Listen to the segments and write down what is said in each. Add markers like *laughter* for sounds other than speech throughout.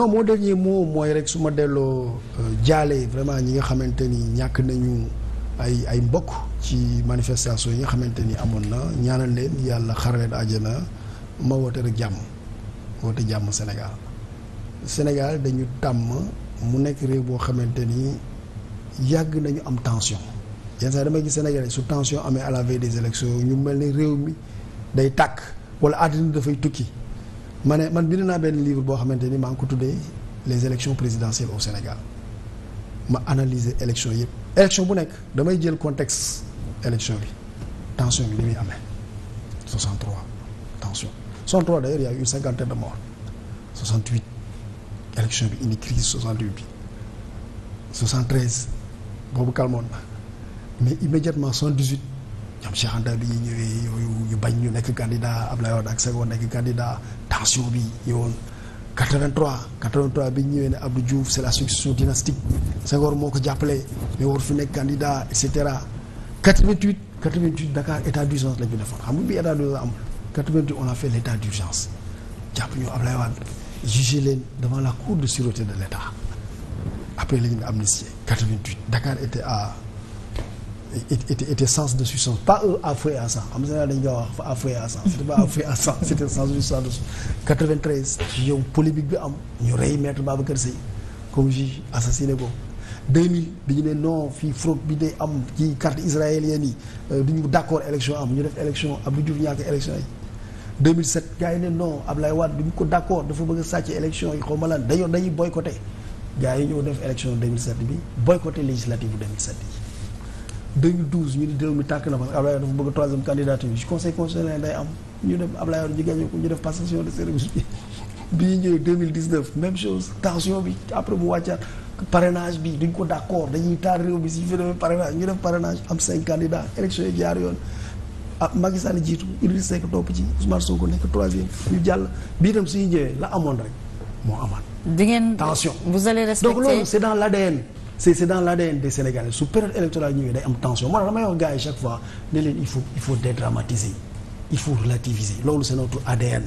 non moo dernier mot mooy rek su ma delloo jaale euh, vraiment ñi nga xamante ni ñàkk nañu ay ay mbokk ci manifestation yi nga xamante ni amoon na ñaanal leen yàlla xar leen àjjana ma woote rek jàmm woote jàmm Sénégal Sénégal dañu tàmm mu nekk réew boo xamante ni yàgg nañu am tension yenn saa damay gis Sénégal su tension amee à la des élections ñu mel ni réew mi day tàkk wala àddina dafay tukki ma ne man bind naa benn livre boo xamante ni maa ngi ko tuddee les élections présidentielles au Sénégal ma analyser élection yëpp élection bu nekk damay jël contexte élection bi tension bi ni muy amee 63 tension 63 d'ailleurs il y a eu une cinquantaine de morts 68 élection bi indi crise 68 bi 73 boobu calmoon na mais immédiatement 78 ñoom Cheikh ñëwee yooyu ñu bañ ñu nekk candidat la Wade ak Senghor nekk candidat tension bi ñëwoon 83 83 bi ñëwee ne Abdou Diouf c'est la succession dynastique war moo ko jàppale mais war fi nekk candidat et cetera 88 88 Dakar état d'urgence la defoon xam nga bi état d'urgence amul 88 on a fait l'état d'urgence leen devant la cour de sûreté de l'État après la ñu amnistié 88 Dakar était à était était sens de substance pas un à feu et à nga wax à feu et à sang c'était yow polémique bi am ñu rey maître Babacar Seye comme juge assassiné ko 2000 dañu ne non fii fraude bi day am ci carte israélienne yi duñu euh, d'accord élection am ñu def élection Abdou Diouf ñàkk élection yi 2007 gars yi ne non Ablaye Wade duñu ko d'accord dafa bëgg a sàcc élection yi xaw ma lan dañoo dañuy boycotté gars yi ñëw def élection 2007 bi boycotté législative bu 2007 yi 2012 ñu ne réew tàkk na parce que Ablaye dafa bëgg troisième candidature bi conseil constitutionnel day am ñu dem Ablaye ñu gagné ko ñu def passation de service bi *laughs* bi ñu ñëwee 2019 même chose ko d' accord dañuy taal réew bi si ñu fi demee parrainage ñu def parrainage am cinq candidats élection yi jaar yoon ah Macky Sall jiitu Idrissa Seck topp ci Ousmane Sonko nekk troisième ñu jàll bii tam suñu ñëwee la amoon rek moo amaat. di ngeen tension vous allez donc loolu c' est c'est c'est dans l'ADN des Sénégalais su période électorale ñëwee day am tension moo tax damay wax gars yi chaque fois ne leen il faut il faut dédramatiser il faut relativiser loolu c'est notre ADN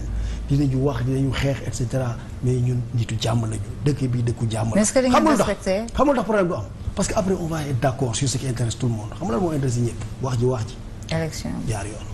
dinañu wax ñu xeex et cetera mais ñun nitu jàmm lañu dëkk bi dëkku jàmm la. xamul tax xamul tax problème du am parce que après on va être d'accord sur ce qui intéresse tout le monde xam nga lan moo intéresse ñëpp wax ji wax ji. élection jaar yoon.